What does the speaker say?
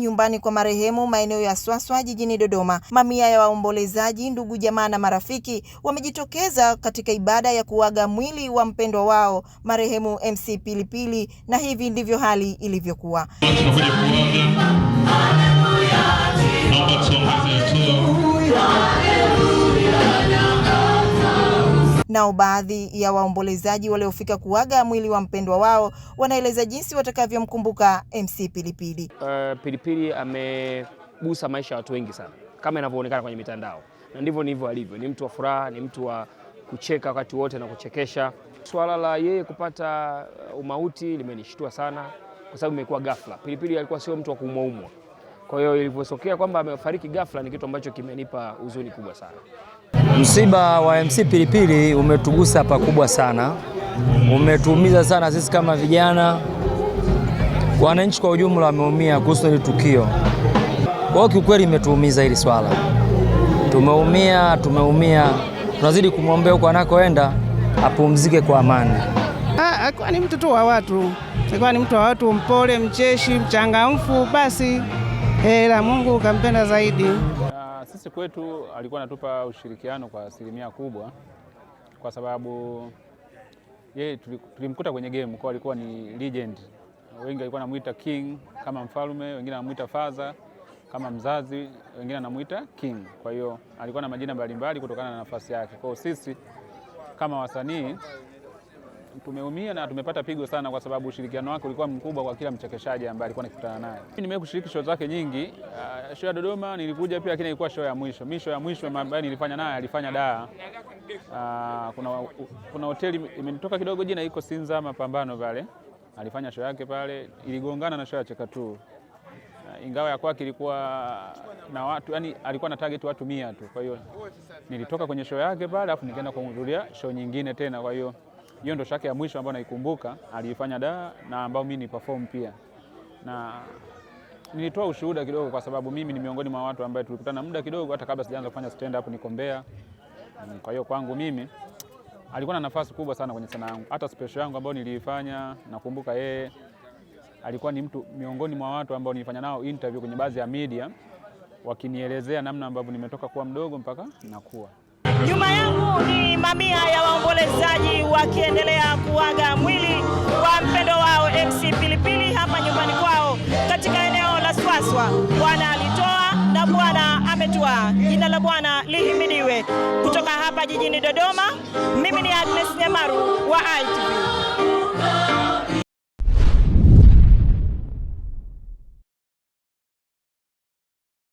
nyumbani kwa marehemu maeneo ya Swaswa jijini Dodoma, mamia ya waombolezaji, ndugu, jamaa na marafiki wamejitokeza katika ibada ya kuaga mwili wa mpendwa wao marehemu MC Pilipili, na hivi ndivyo hali ilivyokuwa. Nao baadhi ya waombolezaji waliofika kuaga mwili wa mpendwa wao wanaeleza jinsi watakavyomkumbuka MC Pilipili. Uh, Pilipili amegusa maisha ya watu wengi sana kama inavyoonekana kwenye mitandao, na ndivyo ndivyo alivyo. Ni mtu wa furaha, ni mtu wa kucheka wakati wote na kuchekesha. Swala la yeye kupata uh, umauti limenishtua sana, kwa sababu imekuwa ghafla. Pilipili alikuwa sio mtu wa kuumwaumwa kwa hiyo ilivyotokea kwamba amefariki ghafla ni kitu ambacho kimenipa huzuni kubwa sana. Msiba wa MC Pilipili umetugusa pakubwa sana, umetuumiza sana sisi kama vijana, wananchi kwa ujumla wameumia kuhusu hili tukio. Kwa kiukweli, imetuumiza hili swala, tumeumia, tumeumia. Tunazidi kumwombea huko anakoenda apumzike kwa amani. Ah, akiwa ni mtu tu wa watu, akiwa ni mtu wa watu, mpole, mcheshi, mchangamfu, basi hela Mungu ukampenda zaidi. Na sisi kwetu alikuwa anatupa ushirikiano kwa asilimia kubwa, kwa sababu yeye tulimkuta kwenye game kwa alikuwa ni legend. Wengi walikuwa anamuita king kama mfalme, wengine anamuita father kama mzazi, wengine anamuita king. Kwa hiyo alikuwa na majina mbalimbali kutokana na nafasi yake. Kwa hiyo sisi kama wasanii tumeumia na tumepata pigo sana, kwa sababu ushirikiano wake ulikuwa mkubwa kwa kila mchekeshaji ambaye alikuwa nakutana naye. Mimi nimewahi kushiriki show zake nyingi. Uh, show ya Dodoma nilikuja pia, lakini ilikuwa show ya mwisho. Mimi show ya mwisho ambayo nilifanya naye alifanya daa. Uh, kuna, kuna hoteli imenitoka kidogo jina, iko Sinza Mapambano pale, alifanya show yake pale, iligongana na show ya Chekatu ah, ingawa ya kwake ilikuwa na watu yani, alikuwa na target watu mia tu. Kwa hiyo nilitoka kwenye show yake pale, afu nikaenda kuhudhuria show nyingine tena, kwa hiyo hiyo ndo shaka ya mwisho ambayo naikumbuka aliifanya da na ambao mimi ni perform pia, na nilitoa ushuhuda kidogo, kwa sababu mimi ni miongoni mwa watu ambao tulikutana muda kidogo, hata kabla sijaanza kufanya stand up niko Mbeya. Mm, kwa hiyo kwangu mimi alikuwa na nafasi kubwa sana kwenye sanaa yangu. Hata special yangu ambayo niliifanya nakumbuka yeye alikuwa ni mtu miongoni mwa watu ambao nilifanya nao interview kwenye baadhi ya media, wakinielezea namna ambavyo nimetoka kuwa mdogo mpaka nakuwa Nyuma yangu ni mamia ya waombolezaji wakiendelea kuaga mwili wa mpendo wao MC Pilipili hapa nyumbani kwao katika eneo la Swaswa. Bwana alitoa na Bwana ametua, jina la Bwana lihimidiwe. Kutoka hapa jijini Dodoma, mimi ni Agnes Nyamaru wa ITV.